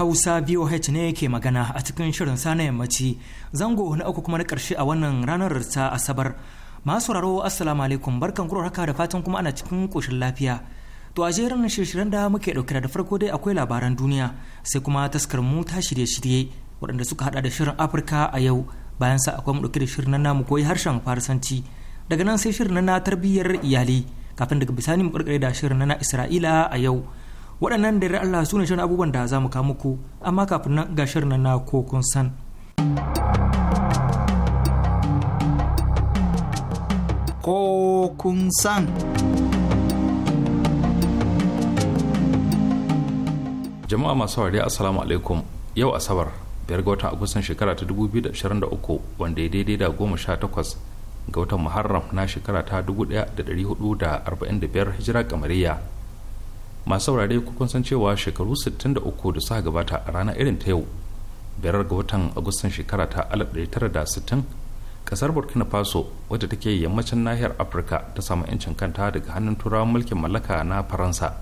Hausa VOH ne ke magana a cikin shirin sana yammaci zango na uku kuma na ƙarshe a wannan ranar ta Asabar. Masu sauraro Assalamu alaikum barkan kuro haka da fatan kuma ana cikin ƙoshin lafiya. To a jerin shirye da muke ɗauke da farko dai akwai labaran duniya sai kuma taskar mu ta shirye-shirye waɗanda suka hada da shirin Afirka a yau bayan sa akwai mu ɗauke da shirin na namu koyi harshen Farsanci daga nan sai shirin na tarbiyyar iyali kafin daga bisani mu ƙarƙare da shirin na Isra'ila a yau. waɗannan da Allah su ne shirin abubuwan da za mu kawo muku amma kafin nan ga shirin na ko kun san ko kun san jama'a masu haure assalamu alaikum yau asabar biyar ga watan agustan shekara ta 2023 wanda ya daidai da goma sha takwas ga watan muharram na shekara ta 1445 hijira kamariya masu saurare kun san cewa shekaru 63 da suka gabata a ranar irin ta yau biyar ga watan agustan shekara ta 1960 kasar burkina faso wadda take yammacin nahiyar afirka ta samu 'yancin kanta daga hannun turawan mulkin mallaka na faransa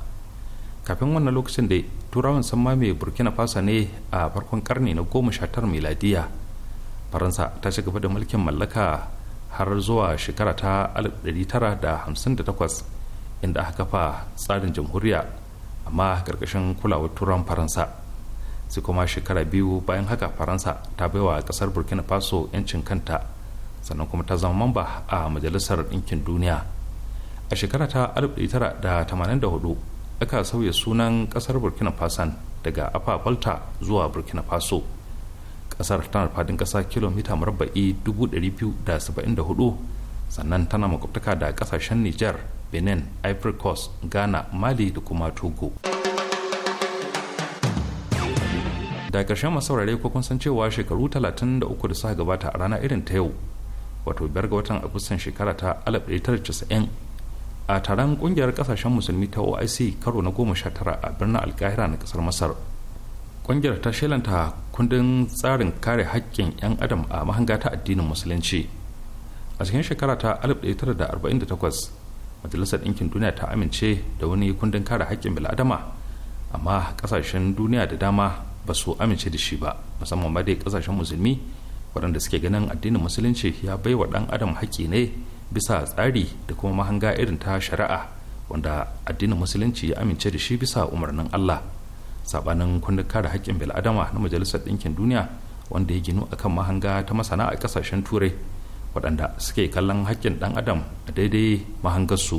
kafin wannan lokacin da turawan sun mame burkina faso ne a farkon karni na 19 miladiya faransa ta ci gaba da mulkin mallaka har zuwa shekara ta 1958 inda aka kafa tsarin jamhuriya amma karkashin kulawar turan faransa sai kuma shekara biyu bayan haka faransa ta baiwa kasar burkina faso 'yancin kanta sannan kuma ta zama mamba a majalisar ɗinkin duniya a shekara ta 1984 aka sauya sunan kasar burkina faso daga afa balta zuwa burkina faso kasar tana faɗin ƙasa kilomita murabba'i 274 sannan tana makwabtaka da ƙasashen nijar benin ivory coast ghana mali da kuma togo da ƙarshen masaurare ko kun san cewa shekaru 33 da suka gabata a rana irin ta yau wato biyar ga watan agustan shekara ta 1990 a taron kungiyar kasashen musulmi ta oic karo na 19 a birnin alkahira na kasar masar kungiyar ta shelanta kundin tsarin kare haƙƙin 'yan adam a mahanga ta addinin musulunci a cikin shekara ta majalisar ɗinkin duniya ta amince da wani kundin kare haƙƙin bil'adama amma ƙasashen duniya da dama ba su amince da shi ba musamman ma dai ƙasashen musulmi waɗanda suke ganin addinin musulunci ya bai wa ɗan adam haƙƙi ne bisa tsari da kuma mahanga irin ta shari'a wanda addinin musulunci ya amince da shi bisa umarnin allah sabanin kundin kare haƙƙin bil'adama na majalisar ɗinkin duniya wanda ya ginu akan mahanga ta masana a ƙasashen turai waɗanda suke kallon haƙƙin ɗan adam a daidai mahangarsu. su.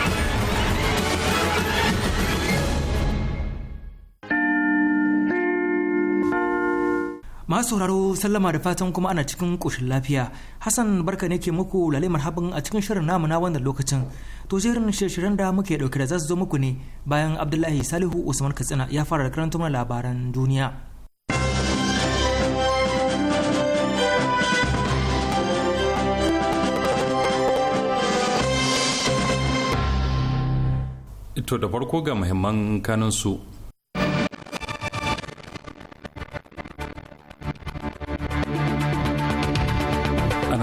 masu sauraro sallama da fatan kuma ana cikin koshin lafiya hassan barka ne ke muku lale marhaban a cikin shirin namu na wannan lokacin to jerin shirin da muke dauke da zasu zo muku ne bayan abdullahi salihu usman katsina ya fara da karanta labaran duniya to da farko ga muhimman kanunsu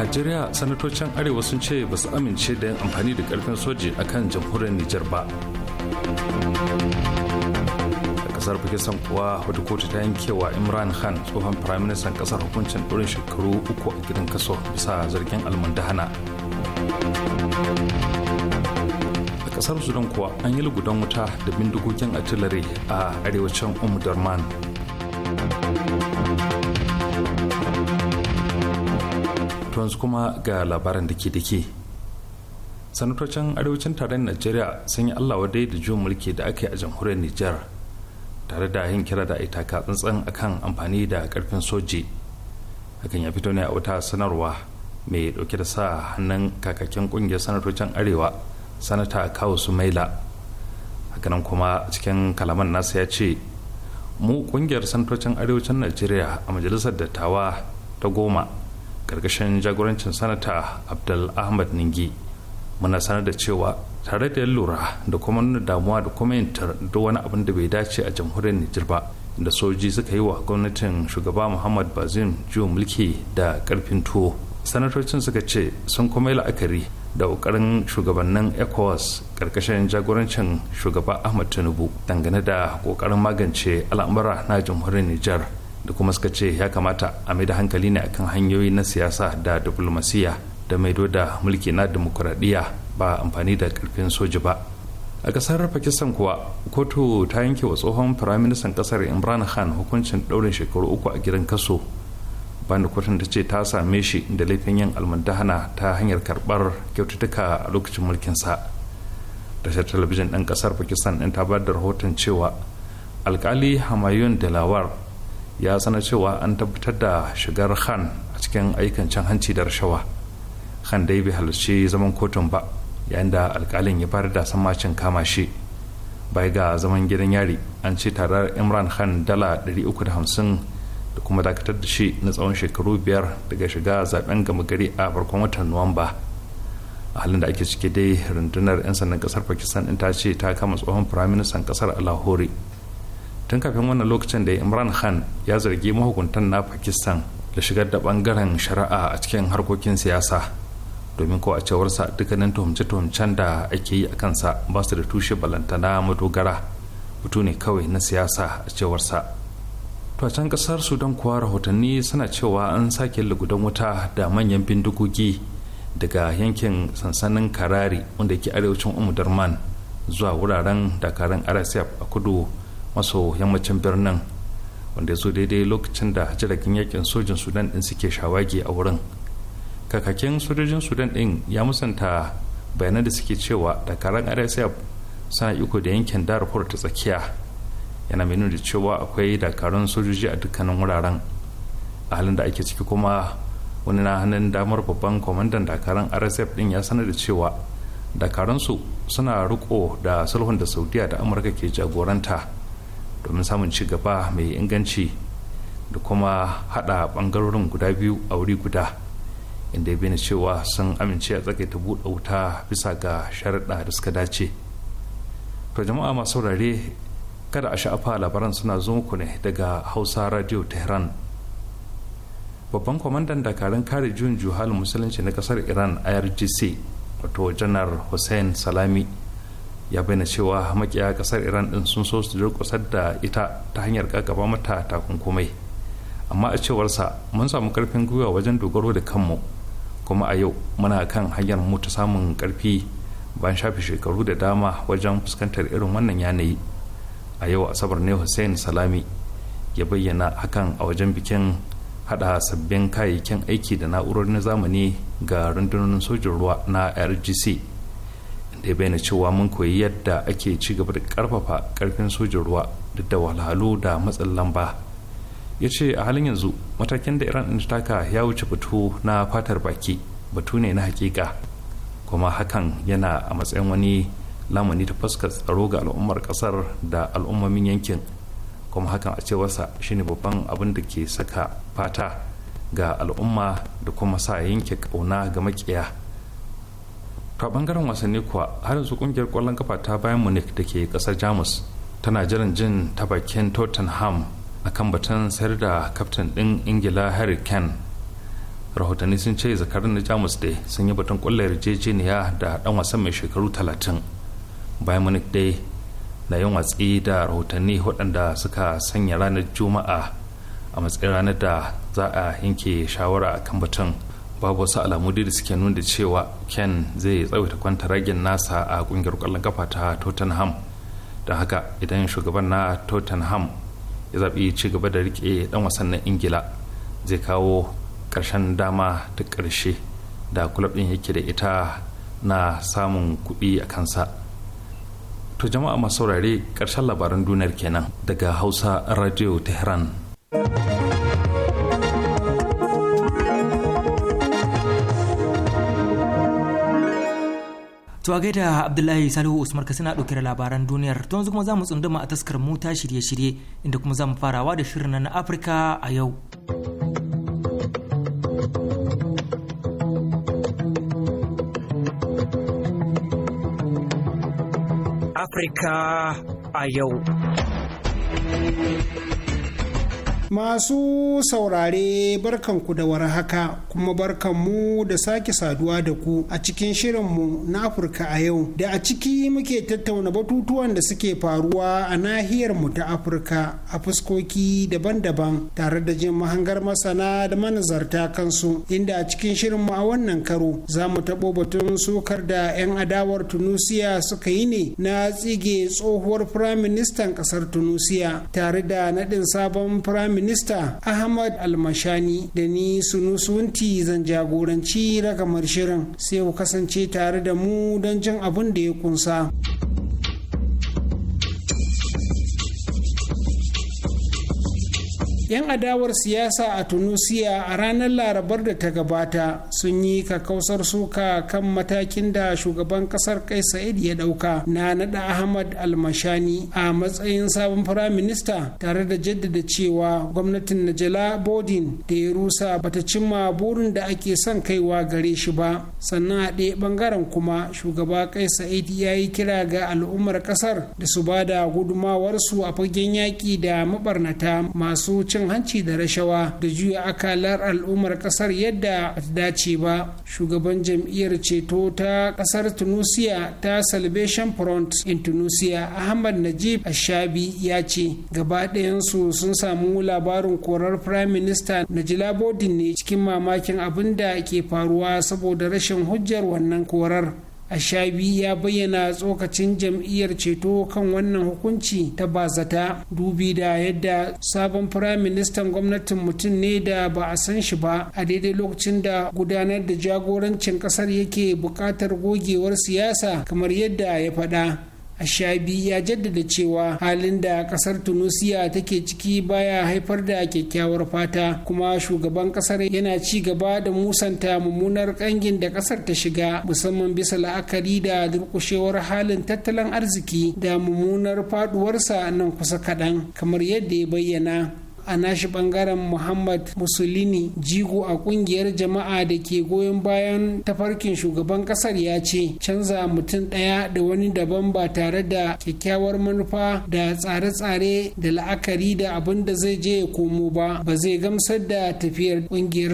najeriya sanatocin arewa sun ce ba su amince da yin amfani da karfin soji a kan jamhuriyar nijar ba a kasar pakistan kuwa wata kotu ta yankewa imran khan tsohon firaministan kasar hukuncin ɗorin shekaru uku a gidan kaso bisa zargin almundahana a kasar sudan kuwa an yi lugudan wuta da bindigogin artillery a arewacin umdurman to yanzu kuma ga labaran da ke dake sanatocin arewacin tarayyar najeriya sun yi allah dai da juyin mulki da aka yi a jamhuriyar nijar tare da yin kira da itaka tsantsan akan amfani da karfin soji hakan ya fito ne a wata sanarwa mai dauke da sa hannun kakakin kungiyar sanatocin arewa sanata kawo sumaila hakanan kuma cikin kalaman nasa ya ce mu kungiyar sanatocin arewacin najeriya a majalisar dattawa ta goma karkashin jagorancin sanata abdul ahmad ningi muna sanar da cewa tare da lura da kuma nuna damuwa da kuma yantar duk wani abin da bai dace a jamhuriyar nijar ba da soji suka yi wa gwamnatin shugaba muhammad bazin juyo mulki da karfin tuwo sanatocin suka ce sun kuma yi la'akari da ƙoƙarin shugabannin ecowas karkashin jagorancin shugaba ahmad tinubu dangane da ƙoƙarin magance al'amura na jamhuriyar nijar da kuma suka ce ya kamata a mai da hankali ne akan hanyoyi na siyasa da diplomasiya da mai da mulki na demokuraɗiyya ba amfani da karfin soji ba a ƙasar pakistan kuwa kotu ta yanke wa tsohon firaministan ƙasar imran khan hukuncin ɗaurin shekaru uku a gidan kaso banda kotun ta ce ta same shi da laifin yin almundahana ta hanyar karɓar kyaututtuka a lokacin mulkin sa tashar talabijin ɗan ƙasar pakistan ɗin ta bayar da rahoton cewa alkali hamayun dalawar. ya sanar cewa an tabbatar da shigar khan a cikin aikin cin hanci da rashawa khan dai bai halarci zaman kotun ba yayin da alkalin ya fara da sammacin kama shi bai ga zaman gidan yari an ce tarar imran khan dala 350 da kuma dakatar da shi na tsawon shekaru biyar daga shiga zaben gama gari a farkon watan nuwamba a halin da ake cike dai rundunar 'yan sandan kasar pakistan ta ce ta kama tsohon firaministan kasar a tun kafin wannan lokacin da imran khan ya zargi mahukuntan na pakistan da shigar da bangaren shari'a a cikin harkokin siyasa domin ko a cewarsa dukkanin tuhumce-tuhumcen da ake yi a kansa ba su da tushe balantana madogara mutu ne kawai na siyasa a cewarsa to a can kasar sudan kuwa rahotanni suna cewa an sake lugudan wuta da manyan bindigogi daga yankin sansanin karari wanda ke arewacin umu darman zuwa wuraren dakarun rsf a kudu maso yammacin birnin wanda ya zo daidai lokacin da jiragen yakin sojin sudan din suke shawagi a wurin kakakin sojojin sudan din ya musanta bayanan da suke cewa dakaran rsf suna iko da yankin darfur ta tsakiya yana mai da cewa akwai dakarun sojoji a dukkanin wuraren a halin da ake ciki kuma wani na hannun damar babban kwamandan dakarun rsf din ya sanar da cewa dakaransu suna riko da sulhun da saudiya da amurka ke jagoranta domin samun ci gaba mai inganci da kuma hada bangarorin guda biyu a wuri guda inda ya bayyana cewa sun amince a ta buɗe wuta bisa ga sharaɗa da suka dace to jama'a masu saurare kada a sha'afa labaran suna zo muku ne daga hausa radio tehran babban kwamandan dakarun kare juyin juhal musulunci na kasar iran irgc wato janar hussein salami ya bayyana cewa makiya kasar iran din sun so su durkusar da ita ta hanyar kakaba mata takunkumai amma a cewarsa mun samu karfin gwiwa wajen dogaro da kanmu kuma a yau muna kan hanyar mu ta samun karfi bayan shafe shekaru da dama wajen fuskantar irin wannan yanayi a yau asabar ne hussein salami ya bayyana hakan a wajen bikin hada sabbin kayayyakin aiki da na'urar na zamani ga rundunonin sojin ruwa na rgc da ya bayyana cewa mun koyi yadda ake ci gaba da karfafa karfin sojin ruwa duk da walhalu da matsin lamba ya ce a halin yanzu matakin da iran ta taka ya wuce fito na fatar baki batu ne na hakika kuma hakan yana a matsayin wani lamani ta fuskar tsaro ga al'ummar kasar da al'ummomin yankin kuma hakan a cewarsa shine babban abin da ke saka fata ga al'umma da kuma sa yanke ƙauna ga makiya a bangaren wasanni kuwa har yanzu kungiyar kwallon kafa ta bayan munich da ke kasar jamus tana jiran jin ta bakin tottenham a kan batun sayar da kaftin din ingila harry kane rahotanni sun ce zakarin na jamus dai sun yi batun kwallo yarjejeniya da dan wasan mai shekaru talatin bayan munich dai na yin watsi da rahotanni waɗanda suka sanya ranar juma'a a matsayin ranar da za a yanke shawara kan batun babu wasu alamu da suke nuna cewa ken zai tsawaita kwanta ragin nasa a kungiyar kwallon kafa ta tottenham don haka idan shugaban na tottenham ya zaɓi ci gaba da rike dan wasannin ingila zai kawo ƙarshen dama ta ƙarshe da kulab ɗin yake da ita na samun kuɗi a kansa to jama'a masu saurare ƙarshen labaran duniyar kenan daga hausa radio tehran To a gaida Abdullahi Salihu Usman ka suna ɗauke da labaran duniyar to yanzu kuma za mu tsunduma a taskar mota shirye-shirye inda kuma za mu farawa da shirin na Afirka a yau. Afirka a yau. Masu saurare barkanku da war haka kuma barkanmu da sake saduwa da ku a cikin shirin mu na Afirka a yau da a ciki muke tattauna batutuwan da suke faruwa a nahiyar mu ta Afirka a fuskoki daban-daban tare da jin mahangar masana da manazarta kansu inda a cikin shirin mu a wannan karo za mu taɓo batun sukar da 'yan adawar Tunusiya suka yi ne na tsige tsohuwar Firaministan ƙasar Tunusiya tare da naɗin sabon Firaministan minista ahmad almashani da ni sunusunti zan jagoranci ragamar shirin sai ku kasance tare da mu don jin abin da ya kunsa. 'yan adawar siyasa a tunisia a ranar larabar da ta gabata sun yi kakausar suka kan matakin da shugaban kasar kai sa'id ya dauka na nada ahmad almashani a matsayin sabon firaminista tare da jaddada cewa gwamnatin najala bodin da ya rusa bata cimma burin da ake son kaiwa gare shi ba sannan a ɗaya bangaren kuma shugaba kai sa'id ya yi kira ga al'ummar kasar da su ba da gudumawarsu a fagen yaƙi da mabarnata masu cin hanci da rashawa da juya akalar al'ummar kasar yadda ta dace ba shugaban jam'iyyar ceto ta kasar tunisia ta salvation front in tunisia ahmad najib ashabi ya ce gaba ɗayansu sun samu labarin korar prime minister najila bodin ne cikin mamakin abin da ke faruwa saboda rashin hujjar wannan korar a ashabi ya bayyana tsokacin jam'iyyar ceto kan wannan hukunci ta bazata dubi da yadda sabon firaministan gwamnatin mutum ne da ba a san shi ba a daidai lokacin da gudanar da jagorancin kasar yake buƙatar gogewar siyasa kamar yadda ya faɗa a ashabi ya jaddada cewa halin da kasar tunisia take ciki baya haifar da kyakkyawar fata kuma shugaban kasar yana ci gaba da musanta mummunar kangin da kasar ta shiga musamman bisa la'akari da durkushewar halin tattalin arziki da mummunar faduwarsa nan kusa kaɗan kamar yadda ya bayyana a nashi bangaren muhammad musulini jigo a kungiyar jama'a da ke goyon bayan tafarkin shugaban kasar ya ce canza mutum ɗaya da wani daban ba tare da kyakkyawar manufa da tsare-tsare da la'akari da abin da zai je ya komo ba ba zai gamsar da tafiyar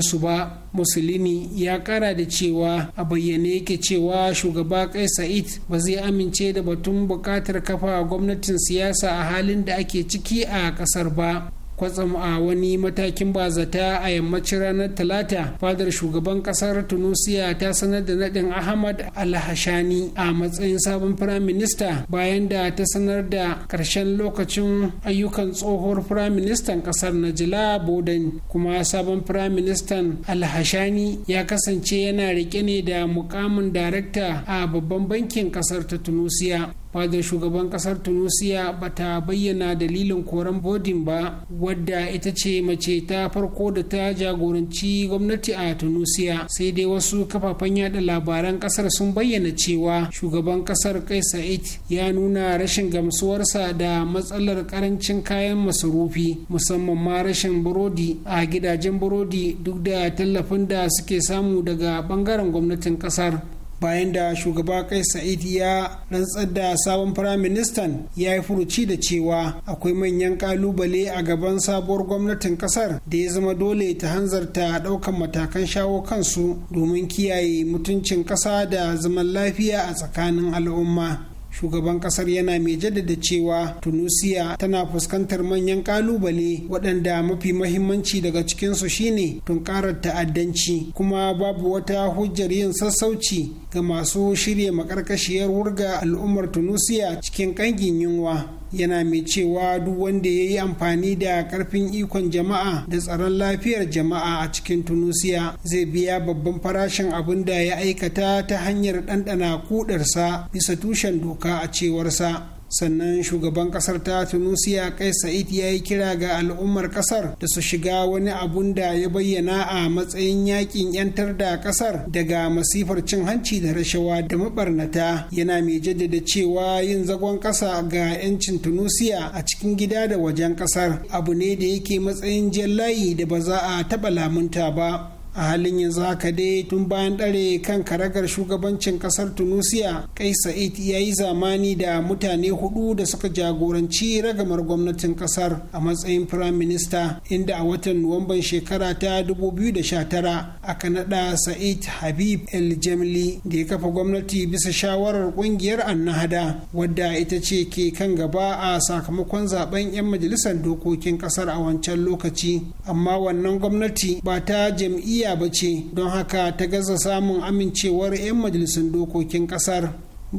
su ba musulini ya kara da cewa a bayyane yake cewa shugaba kai sa'id ba zai amince da batun bukatar kafa gwamnatin siyasa a halin da ake ciki a kasar ba kwatsam a wani matakin bazata a yammacin ranar talata fadar shugaban kasar tunisia ta sanar da nadin ahmad alhashani a matsayin sabon firaminista bayan da ta sanar da karshen lokacin ayyukan tsohuwar firaministan kasar najila bodan kuma sabon firaministan alhashani ya kasance yana rike ne da mukamin darakta a babban bankin kasar ta tunisia fadar shugaban kasar tunisia ta bayyana dalilin koren bodin ba wadda ita ce mace ta farko da ta jagoranci gwamnati a tunisia sai dai wasu kafafen yada labaran kasar sun bayyana cewa shugaban kasar kai sa'id ya nuna rashin gamsuwarsa da matsalar karancin kayan masarufi musamman ma rashin burodi a gidajen burodi duk da tallafin da suke samu daga bangaren gwamnatin kasar bayan da shugaba kai sa'id ya rantsar da sabon firaministan ya yi furuci da cewa akwai manyan kalubale a gaban sabuwar gwamnatin kasar da ya zama dole ta hanzarta daukan matakan shawo kansu domin kiyaye mutuncin kasa da zaman lafiya a tsakanin al'umma shugaban kasar yana mai jaddada cewa tunusiya tana fuskantar manyan kalubale waɗanda mafi mahimmanci daga cikinsu shine tunkarar ta'addanci kuma babu wata hujjar yin sassauci ga masu shirya makarkashiyar wurga al'ummar tunisia cikin kangin yunwa yana mai cewa duk wanda ya yi amfani da karfin ikon jama'a da tsaron lafiyar jama'a a cikin tunisia zai biya babban farashin abin da ya aikata ta hanyar ɗanɗana kudarsa bisa tushen doka a cewarsa sannan shugaban kasar ta tunisia kai sa'id ya yi kira ga al'ummar kasar da su shiga wani abun da ya bayyana a matsayin yakin yantar da kasar daga masifar cin hanci da rashawa da mabarnata yana mai jaddada cewa yin zagon kasa ga 'yancin tunisia a cikin gida da wajen kasar abu ne da yake matsayin layi da ba za a taɓa lamunta ba a halin yanzu haka dai tun bayan dare kan karagar shugabancin kasar tunisia kai sa'id ya yi zamani da mutane hudu da suka jagoranci ragamar gwamnatin kasar a matsayin firayim minista inda a watan nuwamban shekara ta 2019 aka naɗa sa'id habib el jamli da ya kafa gwamnati bisa shawarar ƙungiyar annahada wadda ita ce ke kan gaba a sakamakon zaben 'yan majalisar dokokin kasar a wancan lokaci amma wannan gwamnati ba ta jam'iyya jam'iyya ba ce don haka ta gaza samun amincewar 'yan majalisun dokokin kasar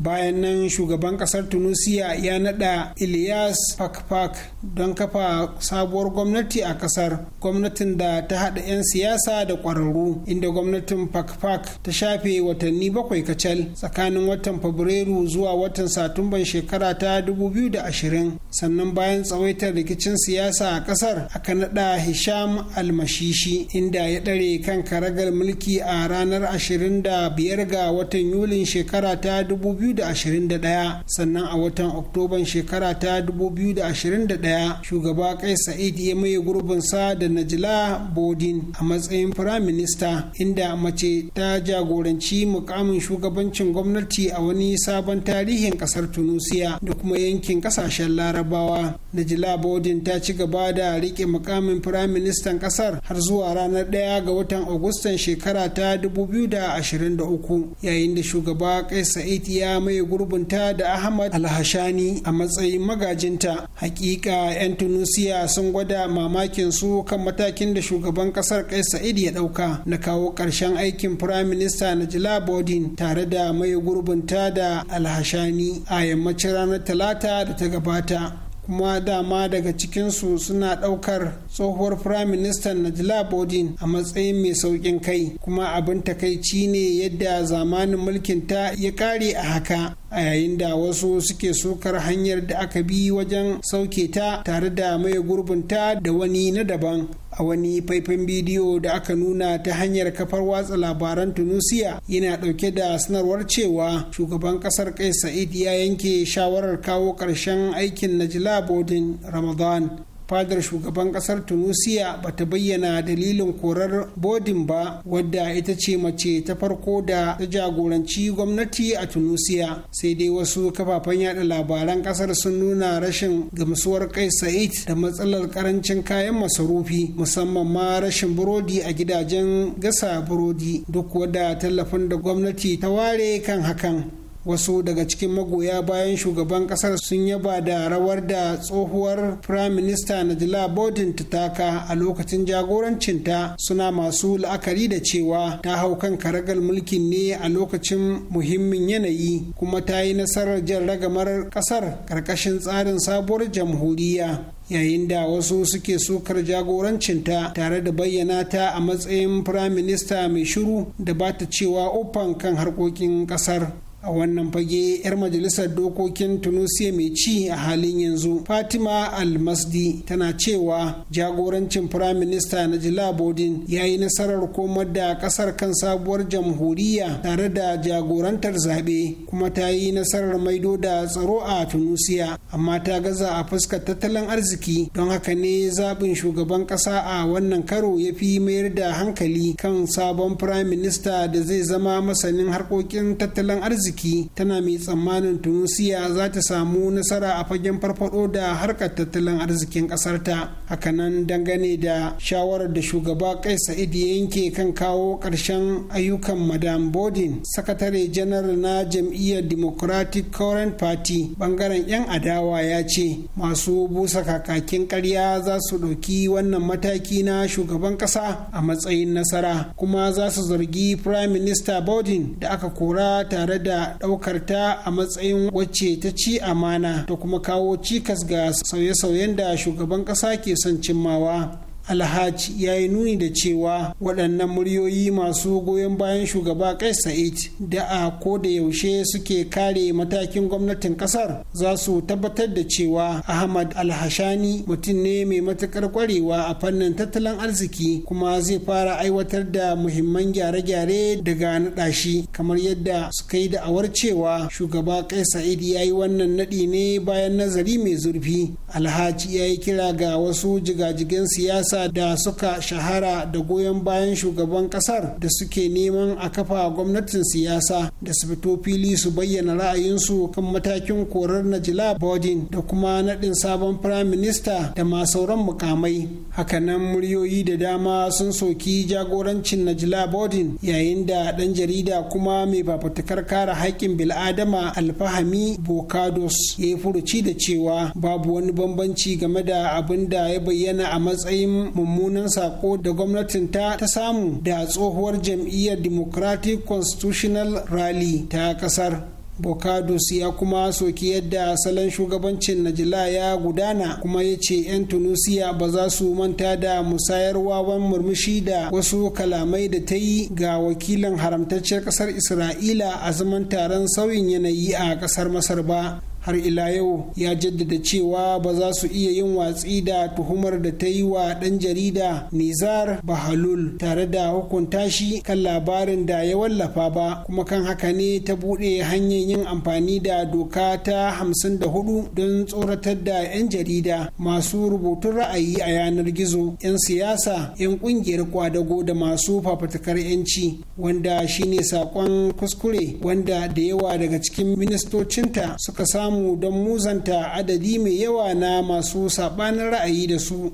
bayan nan shugaban kasar tunisia ya nada ilias pakpak don kafa sabuwar gwamnati a kasar gwamnatin da ta hada 'yan siyasa da kwararru inda gwamnatin pakpak ta shafe watanni bakwai kacal tsakanin watan fabrairu zuwa watan satumban shekara ta 2020 sannan bayan tsawaitar rikicin siyasa a kasar aka nada hisham almashishi inda ya dare kan karagar mulki a ranar 25 ga watan yulin shekara ta 2020 2021 sannan a watan oktoban shekara ta 2021 shugaba kai sa'id ya maye gurbinsa da najila bodin a matsayin firaminista inda mace ta jagoranci mukamin shugabancin gwamnati a wani sabon tarihin kasar tunusiya da kuma yankin kasashen larabawa najila bodin ta ci gaba da rike mukamin firaministan kasar har zuwa ranar 1 ga watan agustan shekara ta 2023 yayin da shugaba kai sa'id ya mai gurbinta da ahmad alhashani a matsayin magajinta hakika 'yan tunisia sun gwada mamakin su kan matakin da shugaban kasar kai sa'id ya dauka na kawo karshen aikin prime na najla bodin tare da maye gurbinta da alhashani a yammacin ranar talata da ta gabata kuma dama daga cikinsu suna ɗaukar tsohuwar firaministan najla bodin a matsayin mai sauƙin kai kuma abin takaici ne yadda zamanin mulkin ta ya ƙare a haka a yayin da wasu suke sukar hanyar da aka bi wajen sauke ta tare da mai gurbinta da wani na daban a wani faifan bidiyo da aka nuna ta hanyar kafar watsa labaran tunisia yana dauke da sanarwar cewa shugaban kasar kai sa'id ya yanke shawarar kawo ƙarshen aikin najla bodin ramadan fadar shugaban kasar tunisia ba ta bayyana dalilin korar bodin ba wadda ita ce mace ta farko da ta jagoranci gwamnati a tunisia sai dai wasu kafafen yada labaran kasar sun nuna rashin gamsuwar kai sa'id da matsalar karancin kayan masarufi musamman ma rashin burodi a gidajen gasa burodi duk wadda tallafin da gwamnati ta ware kan hakan wasu daga cikin magoya bayan shugaban kasar sun yaba da rawar da tsohuwar prime minister najla bodin ta taka a lokacin jagorancinta suna masu la'akari da cewa ta hau kan karagar mulkin ne a lokacin muhimmin yanayi kuma ta yi nasarar jan ragamar kasar karkashin tsarin sabuwar jamhuriya yayin da wasu suke sukar jagorancinta tare da bayyana ta a matsayin firaminista mai shiru da ba ta cewa ofan kan harkokin kasar a wannan fage 'yar majalisar dokokin tunisia mai ci a halin yanzu fatima almasdi tana cewa jagorancin firaminista na jilabodin ya yi nasarar komar da kasar kan sabuwar jamhuriya tare da jagorantar zaɓe kuma ta yi nasarar maido da tsaro a tunisia amma ta gaza a fuskar tattalin arziki don haka ne zaɓin shugaban ƙasa a wannan karo ya fi mayar da hankali kan sabon firaminista da zai zama masanin harkokin tattalin arziki arziki tana mai tsammanin tunisia za ta samu nasara a fagen farfado da harkar tattalin arzikin ƙasarta hakanan dangane da shawarar da shugaba kai sa'id yanke kan kawo ƙarshen ayyukan madam bodin sakatare janar na jam'iyyar democratic current party bangaren 'yan adawa ya ce masu busa kakakin karya za su ɗauki wannan mataki na shugaban ƙasa a matsayin nasara kuma za su zargi prime minister bodin da aka kora tare da da ɗaukar ta a matsayin wacce ta ci amana ta kuma kawo cikas ga sauye-sauyen da shugaban ƙasa ke son cimmawa alhaj ya yi nuni da cewa waɗannan muryoyi masu goyon bayan shugaba kai sa'id da a ko da yaushe suke kare matakin gwamnatin ƙasar za su tabbatar da cewa ahmad alhashani mutum ne mai matuƙar kwarewa a fannin tattalin arziki kuma zai fara aiwatar da muhimman gyare-gyare daga naɗa shi kamar yadda suka yi da'awar cewa shugaba kai sa'id ya yi wannan naɗi ne bayan nazari mai zurfi alhaji ya yi kira ga wasu jigajigen siyasa siyasa da suka shahara da goyon bayan shugaban kasar da suke neman a kafa gwamnatin siyasa da su fito fili su bayyana ra'ayinsu kan matakin korar najila bodin da kuma naɗin sabon firayim minista da masauran mukamai hakanan muryoyi da dama sun soki jagorancin najila bodin yayin da ɗan jarida kuma mai fafutukar kare haƙƙin bil'adama alfahami bokados ya yi furuci da cewa babu wani bambanci game da abin da ya bayyana a matsayin mummunan sako da gwamnatin ta ta samu da tsohuwar jam'iyyar democratic constitutional rally ta kasar bokadus ya kuma soki yadda salon shugabancin Najila ya gudana kuma ya ce 'yan Tunusiya ba za su manta da musayar wawan murmushi da wasu kalamai da ta yi ga wakilin haramtacciyar ƙasar Isra'ila a zaman taron sauyin yanayi a ƙasar Masar ba. har ila yau ya jaddada cewa ba za su iya yin watsi da tuhumar da ta yi wa ɗan jarida nizar bahalul tare da hukunta shi kan labarin da ya wallafa ba kuma kan haka ne ta buɗe hanyar yin amfani da doka ta hamsin da hudu don tsoratar da 'yan jarida masu rubutun ra'ayi a yanar gizo 'yan siyasa 'yan ƙungiyar kwadago da masu fafatakar 'yanci wanda shine saƙon kuskure wanda da yawa daga cikin ministocinta suka samu mu don muzanta adadi mai yawa na masu saɓanin ra'ayi da su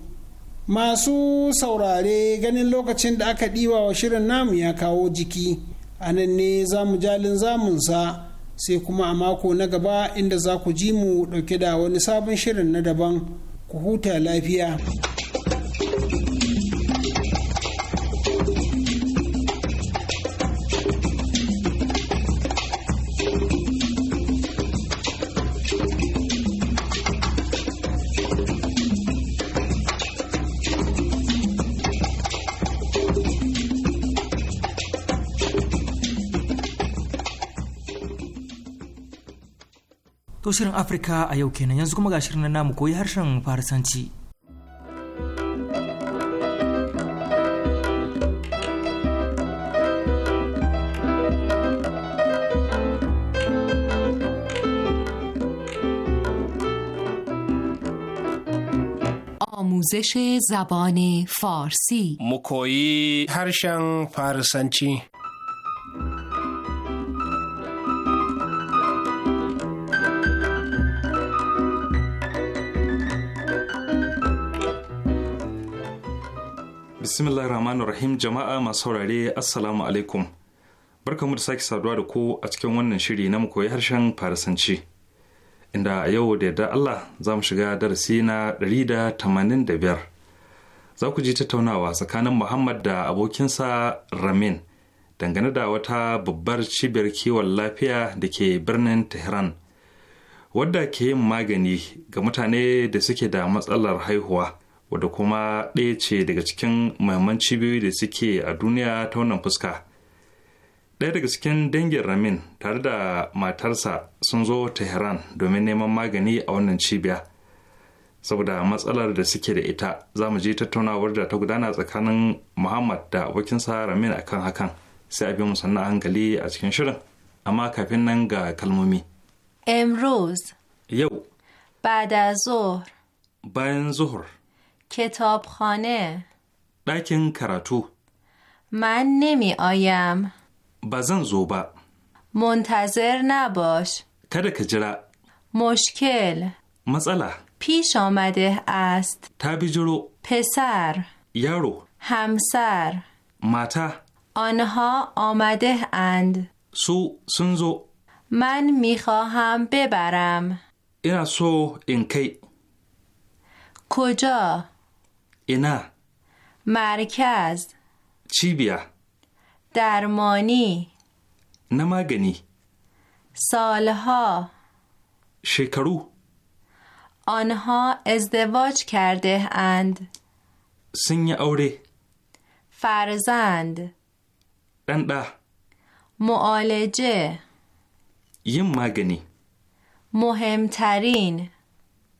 masu saurare ganin lokacin da aka ɗiwa wa shirin namu ya kawo jiki a nan ne za mu jalin zamunsa sai kuma a mako na gaba inda za ku ji mu ɗauke da wani sabon shirin na daban ku huta lafiya. shirin Afirka a yau kenan yanzu kuma ga shirin namu koyi harshen Farisanci. آموزش زبان فارسی مکویی هرشن فارسنچی bismillah rahmanir rahim jama'a masu saurare assalamu alaikum barkamu da sake saduwa da ku a cikin wannan shiri na mu koyi harshen farisanci inda a yau da yadda allah za mu shiga darasi na da tamanin da biyar za ku ji tattaunawa tsakanin muhammad da abokinsa ramin dangane da wata babbar cibiyar kiwon lafiya da ke birnin tehran wadda ke yin magani ga mutane da suke da matsalar haihuwa wadda kuma ɗaya ce daga cikin mahimman cibiyoyi da suke a duniya ta wannan fuska ɗaya daga cikin dangin ramin tare da matarsa sun zo tehran domin neman magani a wannan cibiya saboda matsalar da suke da ita za mu je tattaunawar da ta gudana tsakanin muhammad da abokinsa ramin akan hakan sai a bi mu sannan hankali a cikin shirin amma kafin nan ga kalmomi emrose. yau. bayan zuhur کتابخانه داکن کراتو من نمی آیم بزن زوبا منتظر نباش کده جرا. مشکل مسئله پیش آمده است جرو پسر یارو همسر ماتا آنها آمده اند سو سنزو من خواهم ببرم اینا سو این کی؟ کجا اینا مرکز چی بیا؟ درمانی نماگنی سالها شکرو آنها ازدواج کرده اند سنگ اوره فرزند دنده معالجه یم مگنی مهمترین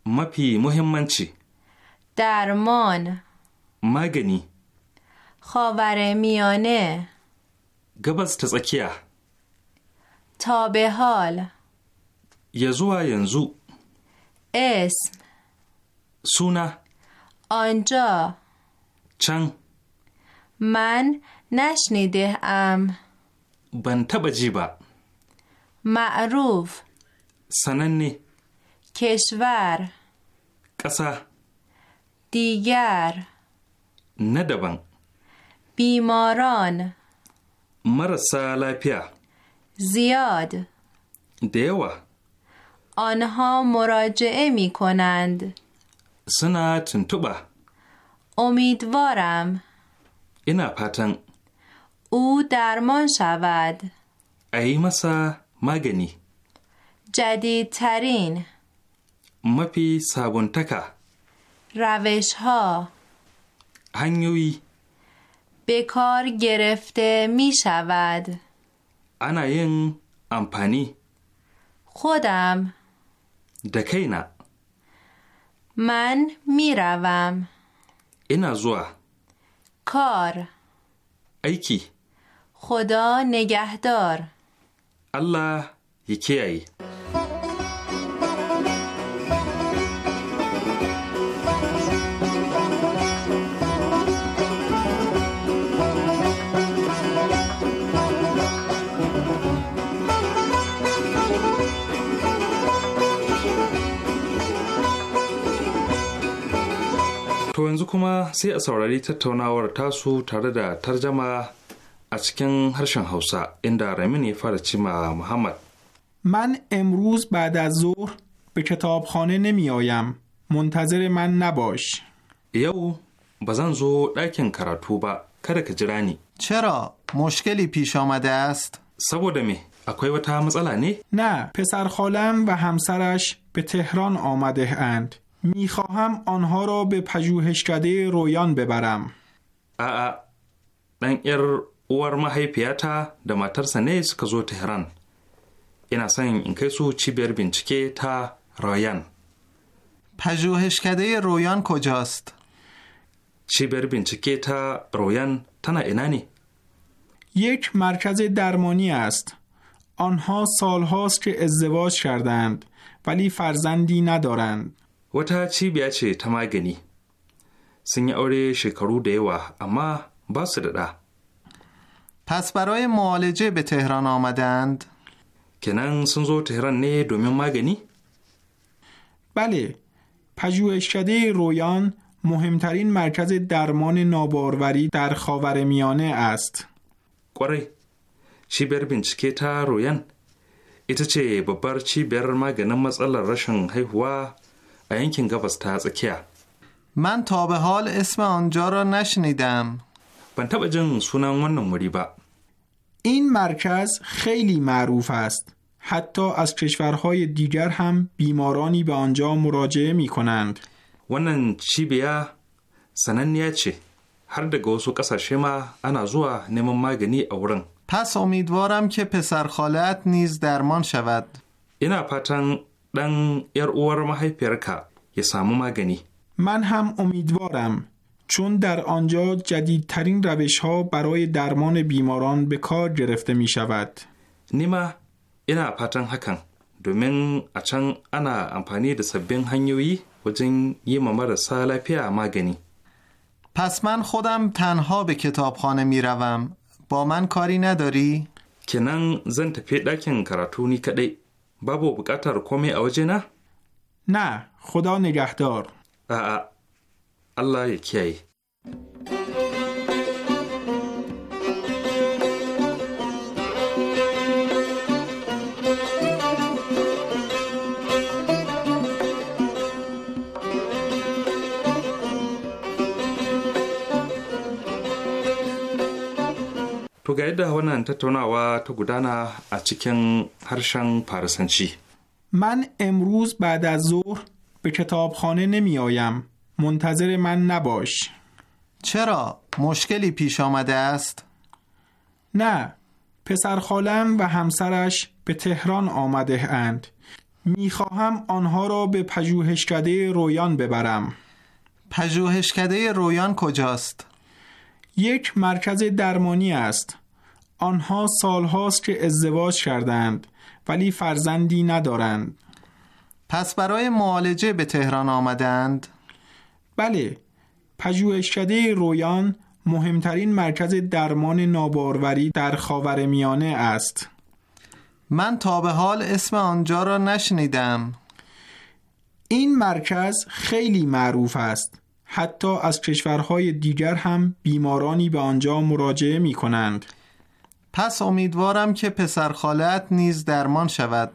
مپی چی؟ درمان مگنی خاور میانه گبز تزکیه تا به حال یزو ینزو اسم سونه آنجا چنگ من نشنیده ام بنت بجیبا معروف سننی کشور کسه دیگر ندبن بیماران مرسا پیا زیاد دیوه آنها مراجعه می کنند سنا تنتوبا امیدوارم اینا پتن او درمان شود ایمسا مسا مگنی جدیدترین مپی تکه روش ها هنگوی به کار گرفته می شود انا این امپانی خودم دکینا من میروم اینا ازوه کار ایکی خدا نگهدار الله یکی ای To yanzu kuma sai a saurari tattaunawar tasu tare da tarjama a cikin harshen Hausa inda Ramin ya fara cima Muhammad. من امروز بعد از ظهر به کتابخانه نمی آیم. منتظر من نباش. یو بزن زو دکن کراتو با کدک جرانی. چرا؟ مشکلی پیش آمده است؟ سبوده می. اکوی و نه پسر خالم و همسرش به تهران آمده اند میخواهم آنها را به پژوهشکده رویان ببرم من ایر اوار ما پیاتا در ما تهران اینا سن این کسو چی بیر بینچکه تا رویان پژوهشکده رویان کجاست؟ چی بینچکه بینچکی تا رویان تنا اینانی؟ یک مرکز درمانی است آنها سالهاست که ازدواج کردند ولی فرزندی ندارند و تا ce ta magani sun yi aure shekaru da yawa amma پس برای معالجه به تهران آمدند کنن سن زو تهران نه دومین مگنی بله پژوهشکده رویان مهمترین مرکز درمان ناباروری در خاور میانه است قره چی بر بینچکه تا رویان ایتا با برچی چی بر مگنن مسئله رشن هیهوا من تا به حال اسم آنجا را نشنیدم. من جن سونان با. این مرکز خیلی معروف است. حتی از کشورهای دیگر هم بیمارانی به آنجا مراجعه می کنند. ونن چی بیا سننیا چه؟ هر دگو سو کساشه ما انا زوا مگنی اورن. پس امیدوارم که پسر خالت نیز درمان شود. اینا پتن دن uwar mahaifiyarka ya samu مگنی من هم امیدوارم چون در آنجا جدیدترین روش ها برای درمان بیماران به کار گرفته می شود. نیما اینا پتن حکن دومین اچن انا امپانی ده سبین هنیوی و جن یه مرسا لپیا آماغنی پس من خودم تنها به کتابخانه می روم. با من کاری نداری؟ کنن زن تپی دکن کراتونی کده babu buƙatar komai a wajena? na خدا نگهدار. a'a Allah ya kiyaye. To ga yadda wannan tattaunawa ta gudana من امروز بعد از ظهر به کتابخانه نمی آیم. منتظر من نباش. چرا؟ مشکلی پیش آمده است؟ نه. پسر خالم و همسرش به تهران آمده اند. میخواهم آنها را به پژوهشکده رویان ببرم. پژوهشکده رویان کجاست؟ یک مرکز درمانی است آنها سالهاست که ازدواج کردند ولی فرزندی ندارند پس برای معالجه به تهران آمدند؟ بله پژوهشکده رویان مهمترین مرکز درمان ناباروری در خاور میانه است من تا به حال اسم آنجا را نشنیدم این مرکز خیلی معروف است حتی از کشورهای دیگر هم بیمارانی به آنجا مراجعه می کنند. پس امیدوارم که پسر خالت نیز درمان شود.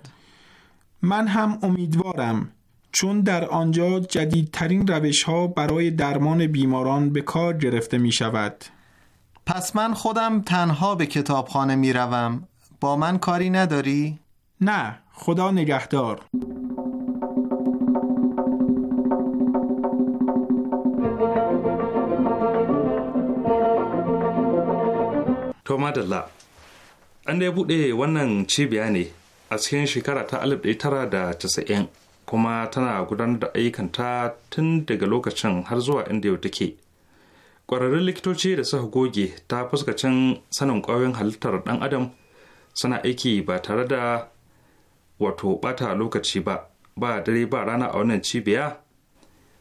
من هم امیدوارم چون در آنجا جدیدترین روش ها برای درمان بیماران به کار گرفته می شود. پس من خودم تنها به کتابخانه می روم. با من کاری نداری؟ نه، خدا نگهدار. To madalla, an dai buɗe wannan cibiya ne a cikin shekara ta 1990 kuma tana gudanar da ayyukanta tun daga lokacin har zuwa inda yau take. Ƙwararrun likitoci da suka goge ta fuskacin sanin ƙwayoyin halittar ɗan adam suna aiki ba tare da wato ɓata lokaci ba, ba dare ba rana a wannan cibiya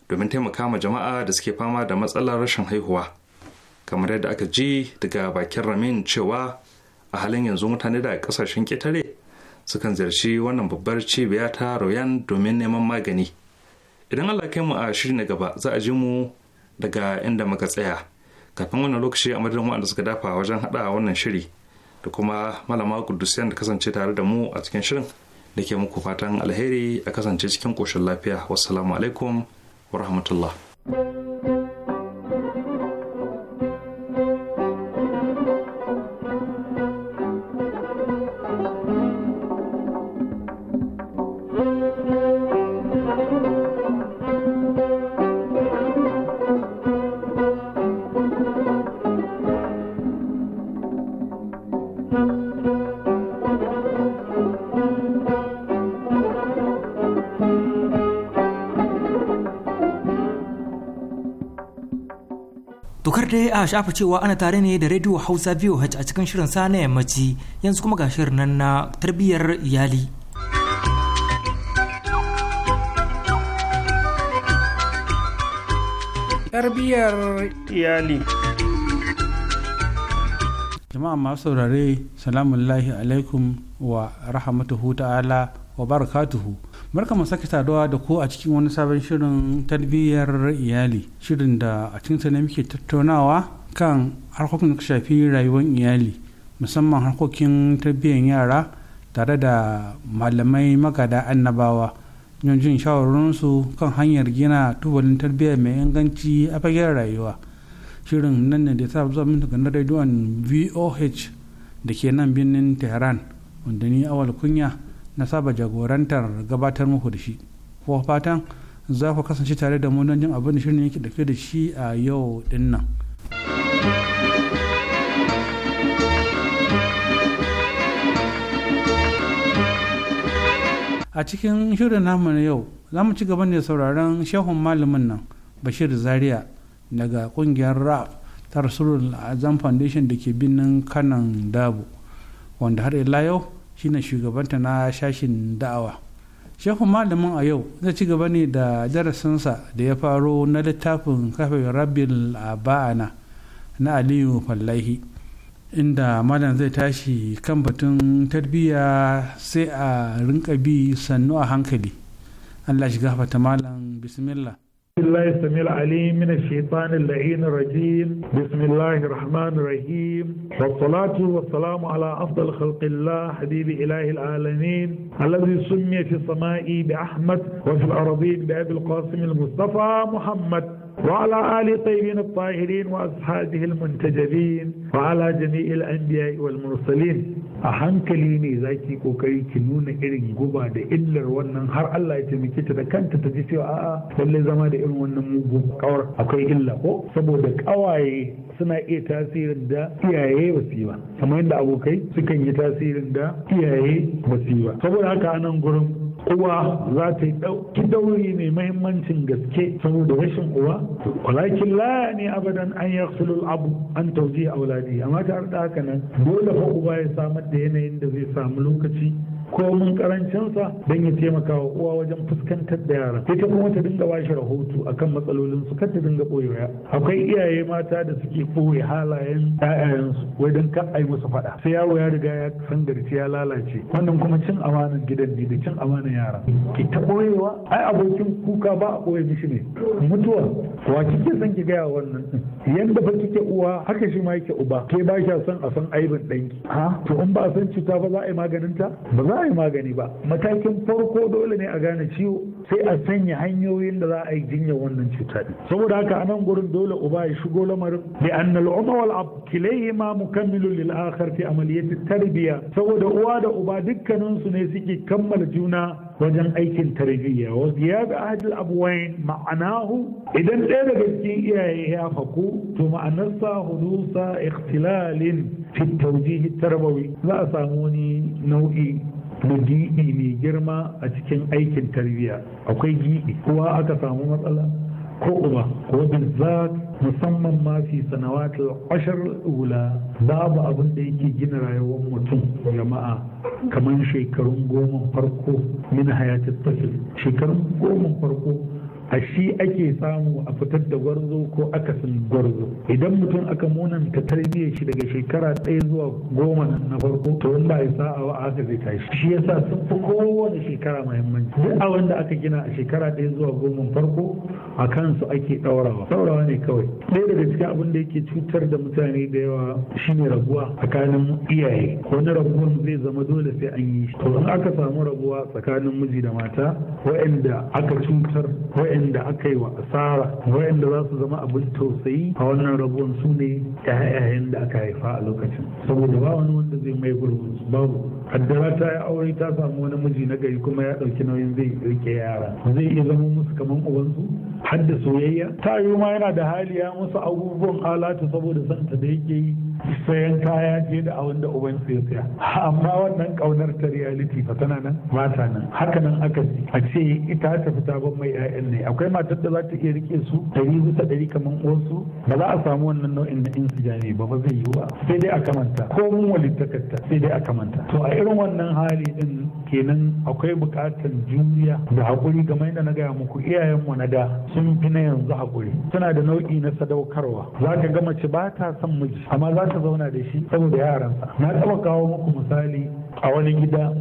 domin taimaka ma jama'a da suke fama da matsalar rashin haihuwa. kamar yadda aka ji daga bakin ramin cewa a halin yanzu mutane da kasashen ƙetare sukan ziyarci wannan babbar cibiya ta royan domin neman magani idan allah kai mu a shiri na gaba za a ji mu daga inda muka tsaya kafin wannan lokaci a madadin waɗanda suka dafa wajen haɗa wannan shiri da kuma malama kudusiyan da kasance tare da mu a cikin shirin da ke muku fatan alheri a kasance cikin koshin lafiya wasu alaikum wa rahmatullah a shafa cewa ana tare ne da rediyo hausa voh a cikin shirin sa na yammaci yanzu kuma ga shirin nan na tarbiyyar iyali tarbiyyar iyali jama'a masu saurare salamun alaikum wa rahmatuhu ta'ala wa barakatuhu barka mu sake saduwa da ku a cikin wani sabon shirin tarbiyyar iyali shirin da a sa ne muke tattaunawa kan harkokin da shafi rayuwar iyali musamman harkokin tarbiyyar yara tare da malamai magada annabawa don jin su kan hanyar gina tubalin tarbiyya mai inganci a fagen rayuwa shirin nan ne da sabuwa min daga radio voh da ke nan birnin tehran wanda ni awal kunya na saba jagorantar gabatar muku da shi kuma fatan za ku kasance tare da mu don jin abin da shirin yake dafe da shi a yau din nan a cikin shirin namu na yau za mu ci gaba ne sauraron shehun malamin nan bashir zaria daga kungiyar rap ta rasulun azam foundation da ke birnin kanan dabo wanda har ila yau shine shugabanta na shashin da'awa shehu malamin a yau zai ci gaba ne da darasinsa da ya faro na littafin kafin rabin ba'ana na aliyu fallahi inda malam zai tashi kan batun tarbiyya sai a rinka bi sannu a hankali allah shiga fata malam bismillah الله السميع العليم من الشيطان اللعين الرجيم بسم الله الرحمن الرحيم والصلاة والسلام على أفضل خلق الله حبيب إله العالمين الذي سمي في السماء بأحمد وفي الأرضين بأبي القاسم المصطفى محمد وعلى آل الطيبين الطاهرين وأصحابه المنتجبين وعلى جميع الأنبياء والمرسلين a hankali ne za ki kokari ki nuna irin guba da illar wannan har Allah ya taimake ta da kanta ta ji cewa a'a lallai zama da irin wannan mugu kawar akwai illa ko saboda kawaye suna iya tasirin da iyaye ba su yi abokai sukan yi tasirin da iyaye ba ba saboda haka anan gurin uwa za ta yi ɗauki dauri mai mahimmancin gaske saboda rashin uwa walakin la ne abadan an ya abu an tauzi a wuladi amma ta da haka nan dole fa uba ya samar da yanayin da zai samu lokaci komin karancinsa don ya taimaka wa uwa wajen fuskantar da yaran ta kuma ta dinga bashi rahoto akan matsalolin su kar ta dinga boyewa akwai iyaye mata da suke boye halayen ƴaƴansu wai don kar ai musu faɗa sai yaro ya riga ya san garci ya lalace wannan kuma cin amanan gidan ne da cin amanan yara ki ta boyewa ai abokin kuka ba a boye mishi ne mutuwa wa kike san ki gaya wannan yanda fa kike uwa haka shi ma yake uba ke ba kya san a san aibin ɗanki ha to in ba a san cuta ba za a yi maganin ta ba za a ba magani ba matakin farko dole ne a gane ciwo sai a sanya hanyoyin da za a yi jinyar wannan cuta ne saboda haka anan gurin dole uba ya shigo lamarin bi anna al-umma wal ab ma mukammilu lil akhar fi amaliyati tarbiya saboda uwa da uba dukkanin su ne suke kammala juna wajen aikin tarbiyya wa ziyada ahadul abwain ma'anahu idan ɗaya daga cikin iyaye ya faku to ma'anarsa hudusa ikhtilalin fit taujihi tarbawi za a samu wani nau'i da giɗi mai girma a cikin aikin tarbiyya akwai giɗi kowa aka samu matsala ko uba ko bizzat musamman ma fi sanawat ashar ula babu abin da yake gina rayuwar mutum jama'a kamar shekarun goma farko min hayatin tafil shekarun goma farko a shi ake samu a fitar da gwarzo ko akasin gwarzo idan mutum aka munanta tarbiyyar shi daga shekara ɗaya zuwa goma na farko to in ba yi sa'a wa haka zai tashi shi yasa sun fi kowane shekara muhimmanci duk a wanda aka gina a shekara ɗaya zuwa goma farko a kansu ake ɗaurawa ɗaurawa ne kawai ɗaya daga cikin abin da yake cutar da mutane da yawa shine rabuwa tsakanin iyaye wani rabuwan zai zama dole sai an yi shi. to in aka samu rabuwa tsakanin miji da mata wa'anda aka cutar wa'anda waɗanda aka yi wa asara waɗanda za su zama abin tausayi a wannan rabuwan su ne ƴaƴayen da aka haifa a lokacin saboda ba wani wanda zai mai gurbin babu kaddara ta yi aure ta samu wani miji na gari kuma ya ɗauki nauyin zai rike yara zai iya zama musu kamar ubansu har da soyayya ta yiwu ma yana da hali ya musu abubuwan alatu saboda santa da yake yi sayan kaya je da awon da uban ya saya amma wannan kaunar ta reality fa tana nan ba nan haka nan aka ce a ce ita ta fita sabon mai 'ya'yan ne akwai matar da za ta iya rike su ɗari bisa ɗari kamar wasu ba za a samu wannan nau'in na insijani ba ba zai yi ba sai dai a kamanta ko mun walittakarta sai dai a kamanta to a irin wannan hali din kenan akwai bukatar juriya da haƙuri game da na gaya muku iyayenmu na da sun fi na yanzu haƙuri suna da nau'i na sadaukarwa za ka ga mace ba ta son miji amma za ta zauna da shi saboda yaransa na taɓa kawo muku misali a wani gida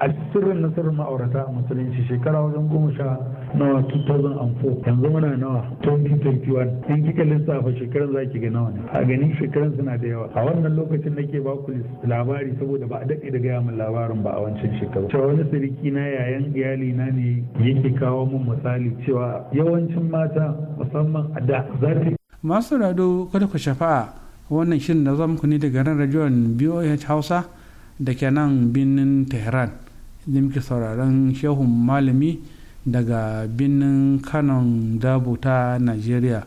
a sirrin nasarar ma'aurata a musulunci shekara wajen goma sha nawa 2004 yanzu muna nawa 2021 in kika lissafa shekarar za ki ga nawa ne a ganin shekarar suna da yawa a wannan lokacin nake ba ku labari saboda ba a daɗe da gaya min labarin ba a wancan shekaru cewa wani siriki na yayan iyali na ne yake kawo min misali cewa yawancin mata musamman a da za ta masu rado kada ku shafa wannan shirin da zamu ku ne daga ran rajon BOH Hausa da ke nan birnin Tehran da muke sauraron shehun malami daga birnin kanon dabo ta nigeria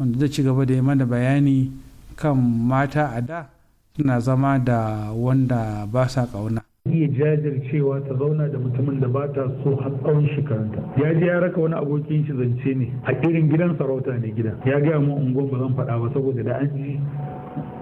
wanda zai ci gaba da yi mana bayani kan mata a da suna zama da wanda ba sa ƙauna iya jajircewa ta zauna da mutumin da ba ta so har tsawon shekaranta ya ji ya raka wani abokin shi zance ne a irin gidan sarauta ne gida. ya gaya mu unguwan ba zan faɗa ba saboda da an ji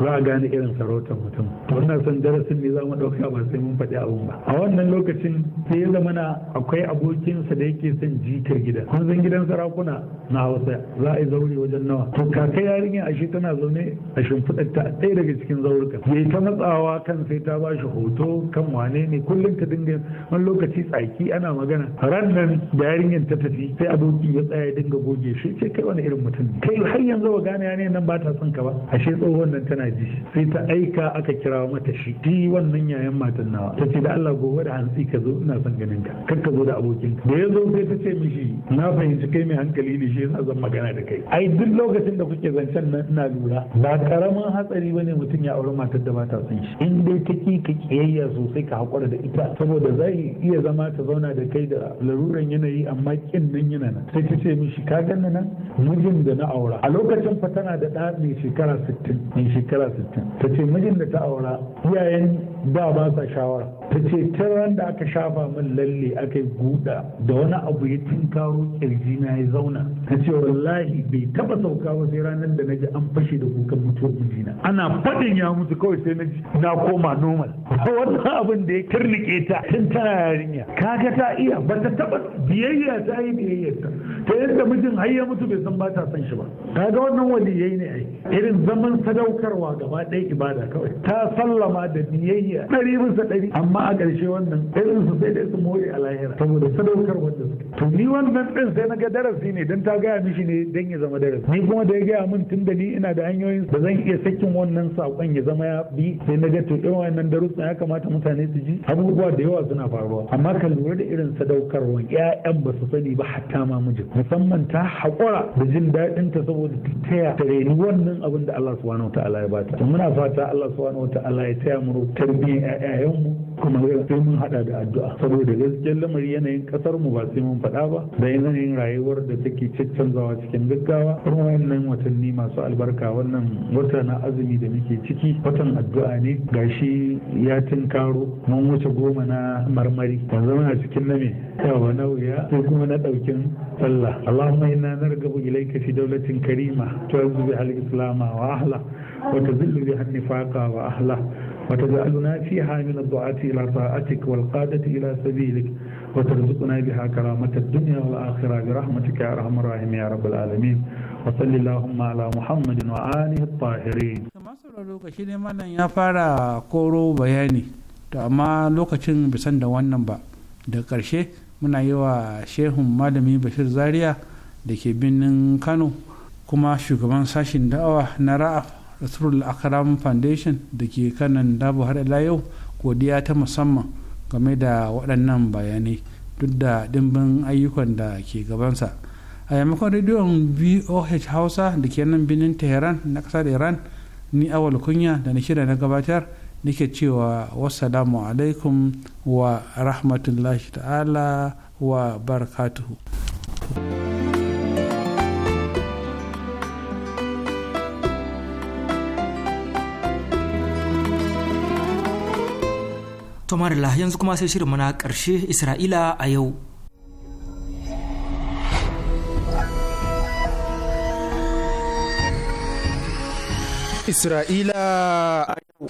za a gane irin sarautar mutum wannan san darasin ne za mu ɗauka ba sai mun faɗi abun ba a wannan lokacin sai ya zamana akwai abokinsa da yake son jikar gida kun san gidan sarakuna na hausa za a yi zaure wajen nawa to kaka yarinya a shi tana zaune a shimfiɗar ta ɗaya daga cikin zaurukan yayi ta matsawa kan sai ta ba shi hoto kan wane ne kullum ta dinga wani lokaci tsaki ana magana ran nan da yarinyar ta tafi sai abokin ya tsaya dinga goge shi ce kai wani irin mutum ne kai har yanzu ba gane yanayin nan ba ta son ka ba ashe tsohon nan tana tana ji sai ta aika aka kira mata shi ti wannan yayan matan nawa ta ce da Allah gobe da hantsi ka zo ina son ganin ka kar ka zo da abokinka. da ya zo sai ta ce mishi na fahimci kai mai hankali ne shi yasa zan magana da kai ai duk lokacin da kuke zancen nan ina lura ba karamin hatsari bane mutum ya auri matar da bata son shi in dai kake ka kiyayya sosai ka hakura da ita saboda zai iya zama ta zauna da kai da laruran yanayi amma kin nan yana nan sai ta ce mishi ka ganna nan mijin da na aura a lokacin fa tana da ɗa mai shekara 60 mai shekara 60 ta ce mijin da ta aura iyayen da ba sa shawara ta ce taron da aka shafa min lalle aka yi guda da wani abu ya tinkaro kirji na ya zauna ta ce wallahi bai taba sauka ba sai ranar da na ji an fashe da kukan mutuwar mijina ana faɗin ya mutu kawai sai na na koma normal wannan abin da ya turnike ta tun tana yarinya kaga ta iya ba ta taba biyayya ta yi biyayyarta ta yadda mijin har ya mutu bai san ba ta san shi ba kaga wannan waliyai ne ai irin zaman sadaukarwa gaba ɗaya ibada kawai ta sallama da biyayya gaskiya ɗari bisa ɗari amma a ƙarshe wannan irin su sai dai su more a lahira saboda sadaukar wanda suke to ni wannan ɗin sai na ga darasi ne don ta gaya mishi ne don ya zama darasi ni kuma da ya gaya min tun da ni ina da hanyoyin da zan iya sakin wannan saƙon ya zama ya bi sai na ga to irin wannan ya kamata mutane su ji abubuwa da yawa suna faruwa amma ka lura da irin sadaukarwa ƴaƴan ba su sani ba hatta ma miji musamman ta haƙura da jin daɗin ta saboda ta taya ta reni wannan abin da Allah subhanahu ta'ala ya bata muna fata Allah subhanahu ta'ala ya taya mu wajen biyan mu kuma sai mun hada da addu'a saboda gaskiyar lamari yanayin kasar mu ba sai mun faɗa ba da yanayin rayuwar da take canzawa cikin gaggawa kuma wannan watanni masu albarka wannan wata na azumi da muke ciki watan addu'a ne gashi ya tinkaro mun wuce goma na marmari yanzu muna cikin na me yawa na wuya sai kuma na ɗaukin sallah allahumma inna nargabu ilayka fi dawlatin karima tu'azzu bihal islama wa ahla wa tuzillu bihal nifaqa wa ahla وتجعلنا فيها من الدعاة إلى طاعتك والقادة إلى سبيلك وترزقنا بها كرامة الدنيا والآخرة برحمتك يا أرحم الراحمين يا رب العالمين وصل اللهم على محمد وآله الطاهرين lokaci ne malam ya fara koro bayani to amma lokacin bisan da wannan ba da ƙarshe muna yi wa shehun malami bashir zaria da ke birnin kano kuma shugaban sashin da'awa na ra'af nasrul akram foundation da ke kanan dabo har ila yau godiya ta musamman game da waɗannan bayanai duk da dimbin ayyukan da ke gabansa a yamakon rediyon voh hausa da ke nan binin tehran na ƙasar iran ni awal kunya da na shirya na gabatar nake cewa wassalamu alaikum wa rahmatullahi ta'ala wa barakatuhu. to marilla yanzu kuma sai shirin mana ƙarshe isra'ila a yau isra'ila a yau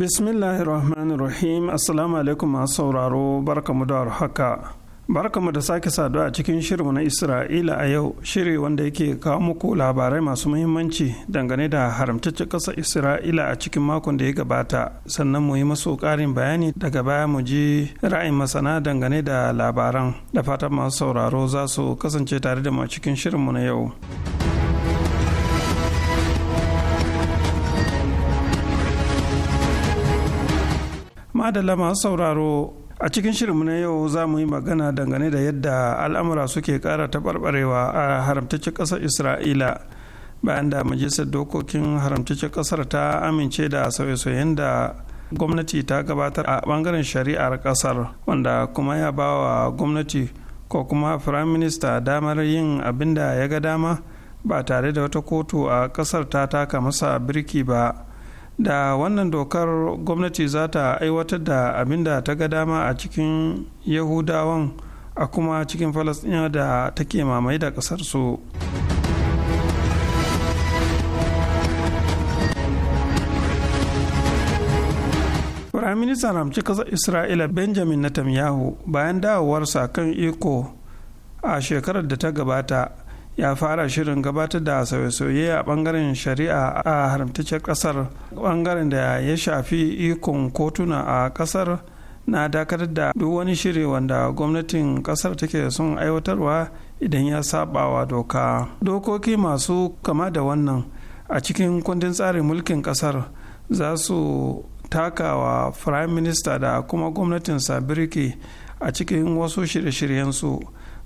bismillahir rahmanir rahim assalamu alaikum masu sauraro barkamu da haka Barkamu da sake saduwa a cikin shirinmu na Isra'ila a yau, shiri wanda yake kawo muku labarai masu muhimmanci dangane da haramtaccen ƙasar Isra'ila a cikin makon da ya gabata, sannan mu yi maso ƙarin bayani daga baya mu ji ra'ayin masana dangane da labaran da fatan masu sauraro za su kasance tare da mu cikin shirinmu na yau. Madalla masu sauraro a cikin shirinmu na yau za mu yi magana dangane da yadda al'amura suke kara taɓarɓarewa a haramtaccen ƙasar isra'ila bayan da majalisar dokokin haramtaccen kasar ta amince da sauye-sauyen da gwamnati ta gabatar a bangaren shari'ar ƙasar wanda kuma ya ba wa gwamnati ko kuma firayim minista damar yin abin da ya ga dama ba tare da wata kotu a ƙasar ta taka masa birki ba. da wannan dokar gwamnati za ta aiwatar da abin da ta ga dama a cikin yahudawan a kuma cikin falasɗina da take mamaye da ƙasar su Firaministan ramci ƙasar Isra'ila Benjamin Netanyahu bayan dawowarsa kan iko a shekarar da ta gabata ya fara shirin gabatar da sauye-sauye a bangaren shari'a a haramtaccen kasar bangaren da ya shafi ikon kotuna a kasar na dakatar da duk wani shiri wanda gwamnatin kasar take son aiwatarwa idan ya sabawa doka dokoki masu kama da wannan a cikin kundin tsarin mulkin kasar za su takawa prime minister da kuma gwamnatin sabiriki a cikin wasu shirye-shiryensu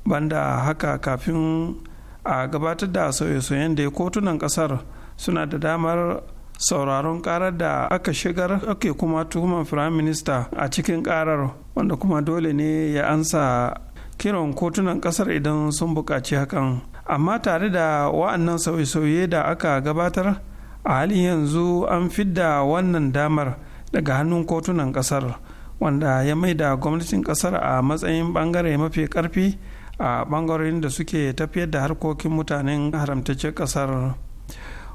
banda haka kafin a gabatar da sauye-sauyen da kotunan kasar suna da damar sauraron karar da aka shigar ake kuma tuhumar firayim minista a cikin karar wanda kuma dole ne ya ansa kiran kotunan kasar idan sun buƙaci hakan amma tare da wa'annan sauye-sauye da aka gabatar a halin yanzu an fidda wannan damar daga hannun kotunan kasar wanda ya maida gwamnatin kasar a matsayin bangare mafi karfi a bangarorin da suke tafiyar da harkokin mutanen haramtaccen kasar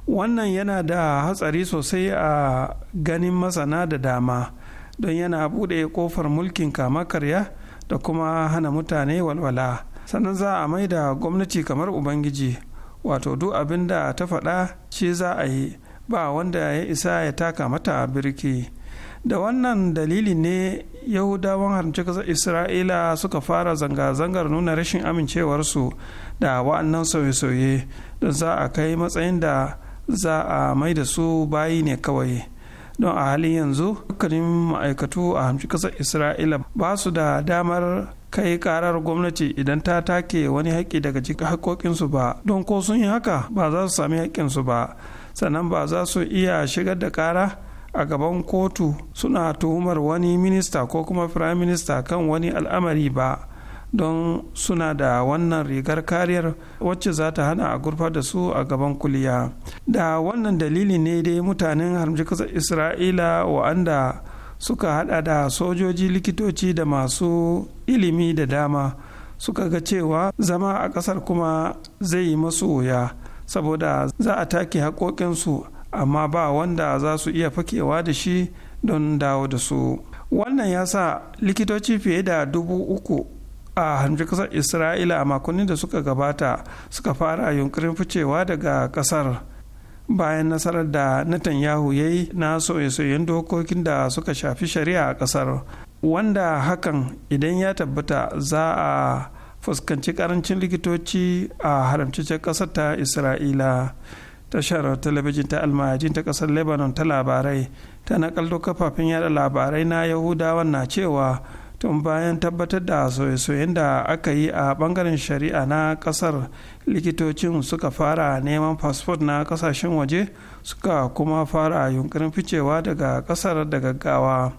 wannan yana da hatsari sosai a ganin masana da dama don yana buɗe kofar mulkin kama karya da kuma hana mutane walwala sannan za a mai da gwamnati kamar ubangiji wato duk abin da ta faɗa shi za a yi ba wanda ya isa ya taka mata birki da wannan dalili ne yahudawan haramci kasar isra'ila suka fara zanga-zangar nuna rashin amincewarsu da wa'annan sauye-sauye don za a kai matsayin da za a mai da su bayi ne kawai don a halin yanzu dukkanin ma'aikatu a hamci kasar isra'ila ba su da damar kai karar gwamnati idan ta take wani haƙƙi daga cikin haƙƙoƙinsu ba don ko sun yi haka ba za su sami haƙƙinsu ba sannan ba za su iya shigar da ƙara a gaban kotu suna tuhumar wani minista ko kuma firayim minista kan wani al'amari ba don suna da wannan rigar kariyar wacce za ta hana a gurfa da su a gaban kuliya da wannan dalili ne dai mutanen harmji kasa isra'ila wa'anda suka hada da sojoji likitoci da masu ilimi da dama suka ga cewa zama a kasar kuma zai yi masu wuya saboda za a take haƙoƙinsu amma ba wanda za su iya fakewa da shi don dawo da su wannan ya sa likitoci fiye da dubu uku a hamshin kasar isra'ila a makonnin da suka gabata suka fara yunkurin ficewa daga kasar bayan nasarar da netanyahu ya yi na soye-soyen dokokin da suka shafi shari'a a kasar wanda hakan idan ya tabbata za a fuskanci karancin likitoci a haramcicen kasar ta isra'ila tashar talabijin ta almajin ta kasar lebanon ta labarai ta nakaldo kafafen yada labarai na Yahudawa na cewa tun bayan tabbatar da soye-soyen da aka yi a bangaren shari'a na kasar likitocin suka fara neman fasfot na kasashen waje suka kuma fara yunkurin ficewa daga kasar da gaggawa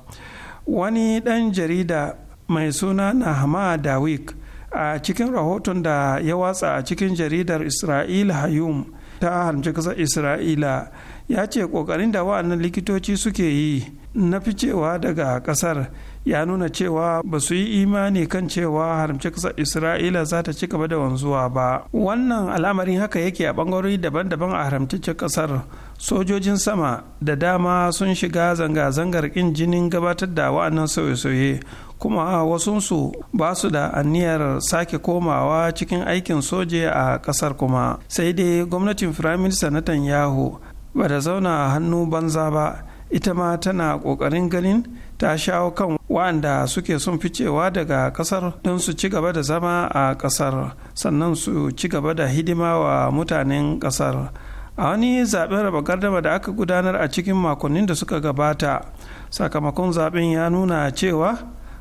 wani ɗan jarida mai suna nahama dawik a cikin rahoton da ya watsa a cikin jaridar isra'il hayum ta haramci kasar isra'ila ya ce kokarin da wa'annan likitoci suke yi na ficewa daga kasar ya nuna cewa ba su yi imani kan cewa haramci kasar isra'ila za ta ci gaba da wanzuwa ba wannan al'amarin haka yake a bangarori daban-daban a haramtaccen kasar sojojin sama da dama sun shiga zanga-zangar kin jinin gabatar da wa'annan sauye-sauye kuma wasunsu ba su da aniyar sake komawa cikin aikin soje a kasar kuma sai dai gwamnatin firaminista netanyahu ba da zauna hannu banza ba ita ma tana ƙoƙarin ganin ta shawo kan waɗanda suke sun ficewa daga ƙasar don su ci gaba da zama a ƙasar sannan su ci gaba da hidima wa mutanen ƙasar a wani zaɓen raba gardama da aka gudanar a cikin makonnin da suka gabata sakamakon zaɓen ya nuna cewa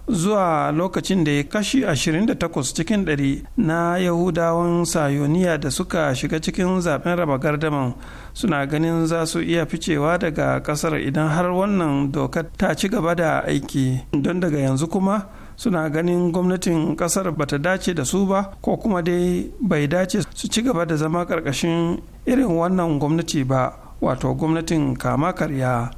zuwa lokacin da ya kashi 28 cikin ɗari na yahudawan sayoniya da suka shiga cikin zaben raba gardaman suna ganin za su iya ficewa daga kasar idan har wannan dokar ta ci gaba da aiki don daga yanzu kuma suna ganin gwamnatin kasar bata dace da su ba ko kuma dai bai dace su ci gaba da zama karkashin irin wannan gwamnati ba wato gwamnatin kama karya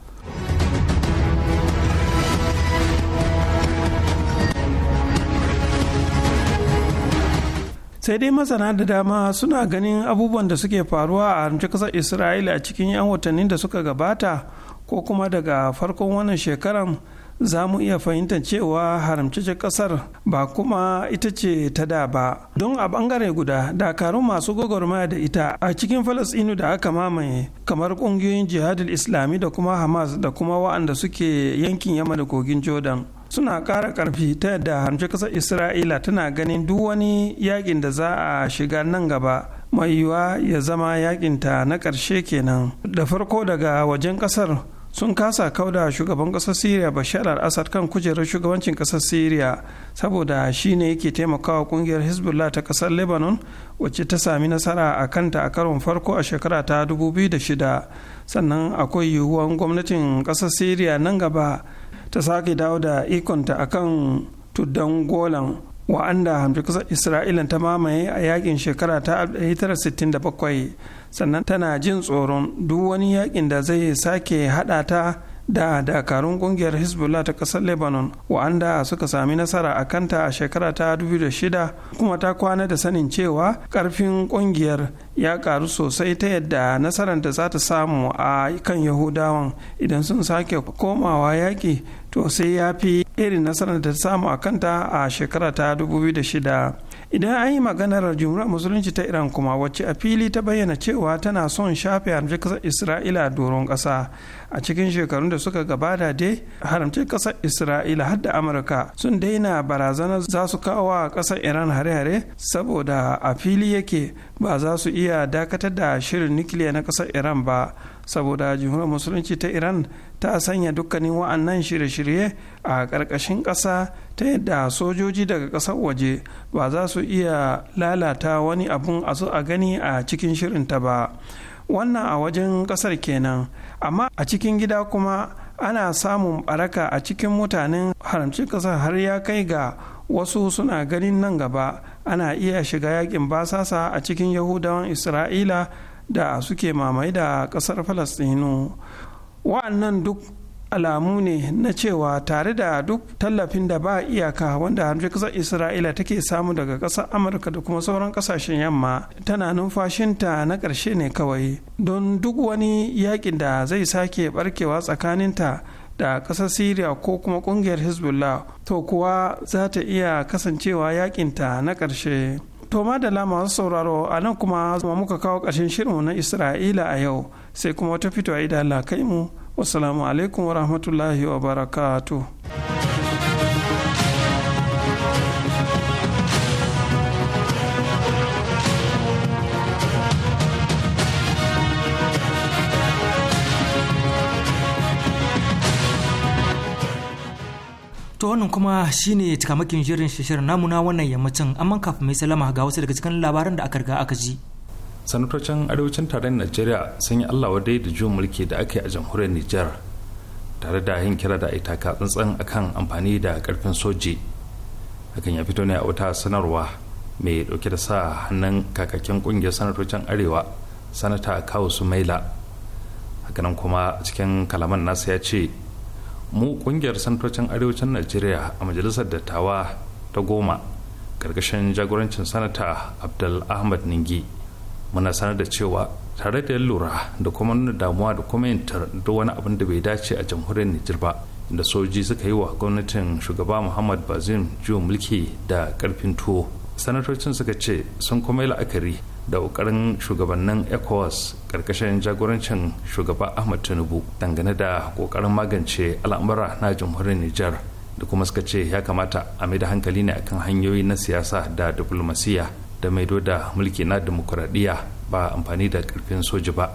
sai dai masana da dama suna ganin abubuwan da suke faruwa a haramci kasar isra'ila cikin 'yan watannin da suka gabata ko kuma daga farkon wannan shekaran za mu iya fahimtar cewa haramcece kasar ba kuma ita ce ta da ba don a bangare guda dakarun masu gwagwarmaya da ita a cikin falasinu da aka mamaye kamar kungiyoyin jihadul islami da kuma hamas da kuma wa'anda suke yankin yamma da kogin jordan suna ƙara ƙarfi ta yadda harmce ƙasar isra'ila tana ganin duk wani yakin da za a shiga nan gaba mai yiwuwa ya zama yakinta na ƙarshe kenan da farko daga wajen ƙasar sun kasa kauda shugaban ƙasar syria bashar al-assad kan kujerar shugabancin ƙasar syria saboda shi ne yake taimakawa ƙungiyar hezbollah ta ƙasar lebanon wacce ta sami nasara a kanta a karon farko a shekara ta 2006 sannan akwai yiwuwan gwamnatin ƙasar syria nan gaba ta sake dawo da ikonta a kan tuddan golan wa'anda hamshin isra'ilan ta mamaye a yakin shekara ta 1967 sannan tana jin tsoron duk wani yakin da zai sake hada ta da dakarun kungiyar hezbollah ta kasar lebanon wa'anda suka sami nasara a kanta a shekara ta 2006 kuma ta kwana da sanin cewa karfin kungiyar ya karu sosai ta yadda nasarar da za ta samu a kan yahudawan idan sun sake komawa yaƙi to sai ya fi irin nasarar da ta samu a kanta a shekara ta 2006 idan an yi maganar jumhuriyar musulunci ta iran kuma wacce a fili ta bayyana cewa tana son shafe haramci kasar isra'ila doron kasa a cikin shekarun da suka gabata dai haramci kasar isra'ila har da amurka sun daina barazana za su kawo ƙasar iran hare-hare saboda a fili yake ba za su iya dakatar da shirin nukiliya na ƙasar iran ba saboda jumhuriyar musulunci ta iran ta sanya dukkanin wa'annan shirye-shirye a ƙarƙashin ƙasa ta yadda sojoji daga ƙasar waje ba za su iya lalata wani abun a a gani a cikin shirinta ba wannan a wajen ƙasar kenan amma a cikin gida kuma ana samun baraka a cikin mutanen haramcin ƙasar har ya kai ga wasu suna ganin nan gaba ana iya shiga yakin basasa a cikin yahudawan isra'ila da suke mamaye da ƙasar falastinu wa'annan duk alamu ne na cewa tare da duk tallafin da ba iyaka wanda hamshe kasar isra'ila take samu daga kasar amurka da kuma sauran kasashen yamma tana numfashinta na ƙarshe ne kawai don duk wani yakin da zai sake barkewa tsakaninta da ƙasar syria ko kuma ƙungiyar hezbollah to kuwa za ta iya kasancewa yakinta na ƙarshe to ma da lama sauraro a nan kuma muka kawo ƙarshen shirinmu na isra'ila a yau sai kuma wata fito a Allah kai mu wasalamu alaikum wa rahmatullahi wa kuma To wannan kuma shine cikamakin shirin shirin namuna wannan yammacin amma kafin mai salama ga wasu daga cikin labaran da aka riga aka ji. sanatocin arewacin tarayyar najeriya sun yi allawa dai da juyin mulki da aka yi a jamhuriyar niger tare da yin kira da itaka tsantsan akan amfani da karfin soji hakan ya fito ne a wata sanarwa mai dauke da sa hannun kakakin kungiyar sanatocin arewa sanata kawo sumaila hakanan kuma cikin kalaman nasa ya ce mu kungiyar sanatocin arewacin najeriya a majalisar dattawa ta goma karkashin jagorancin sanata abdul ahmad ningi muna sanar da cewa tare da yin lura da kuma nuna damuwa da kuma yin duk wani abin da bai dace a jamhuriyar Nijar ba da soji suka yi wa gwamnatin shugaba Muhammad Bazin juyin mulki da karfin tuwo. Sanatocin suka ce sun kuma yi la'akari da ƙoƙarin shugabannin ECOWAS ƙarƙashin jagorancin shugaba Ahmad Tinubu dangane da ƙoƙarin magance al'amura na jamhuriyar Nijar da kuma suka ce ya kamata a mai da hankali ne akan hanyoyi na siyasa da diplomasiya. da maido da mulki na demokuraɗiyya ba amfani da ƙarfin soji ba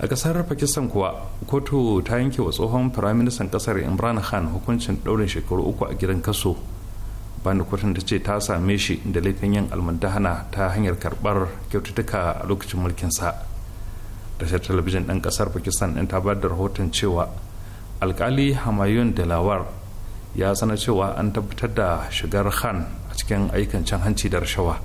a ƙasar pakistan kuwa kotu ta yanke wa tsohon firaministan ƙasar imran khan hukuncin ɗaurin shekaru uku a gidan kaso bani kotun ta ce ta same shi da laifin yin almundahana ta hanyar karɓar kyaututtuka a lokacin mulkinsa tashar talabijin ɗan ƙasar pakistan ɗin ta bayar da rahoton cewa alkali hamayun dalawar ya sanar cewa an tabbatar da shigar khan a cikin aikin hanci da rashawa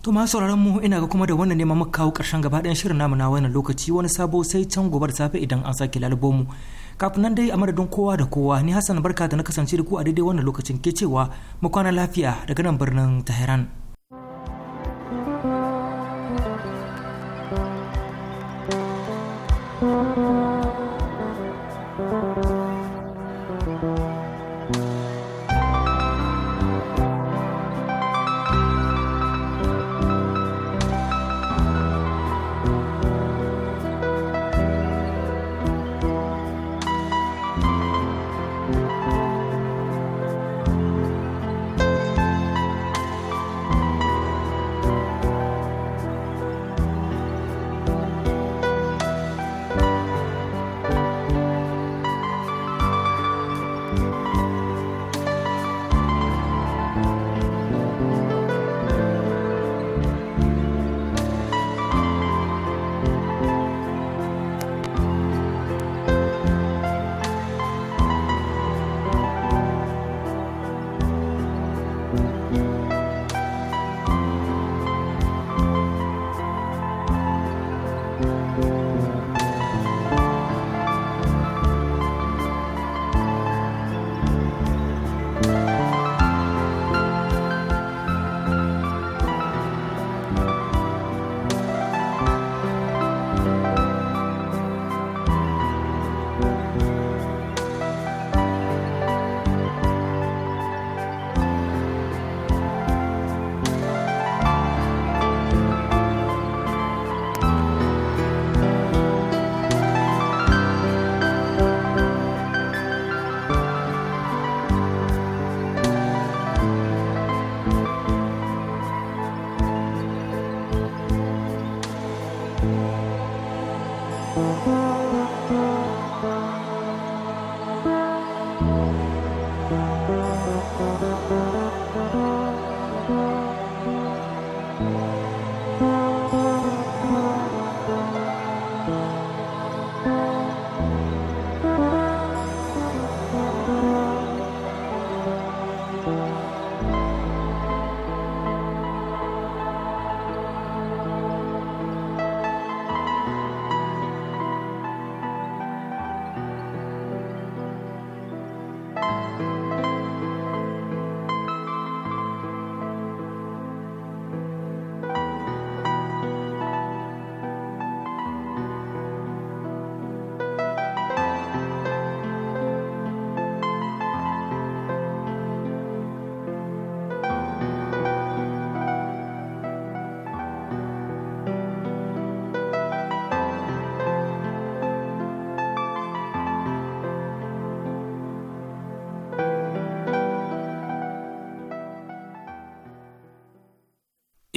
To masu sauraron mu ina ga kuma da wannan neman muka kawo ƙarshen gaba ɗayan shirin namu na wannan lokaci wani sabo sai can gobe da safe idan an sake lalubo mu. Kafin nan dai a madadin kowa da kowa ni Hassan barka da na kasance da ku a daidai wannan lokacin ke cewa mu kwana lafiya daga nan birnin Tehran.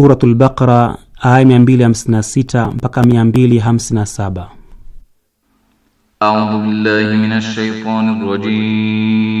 Suratul Baqara aya mia mbili hamsini na sita mpaka 257. A'udhu billahi minash shaitani rajim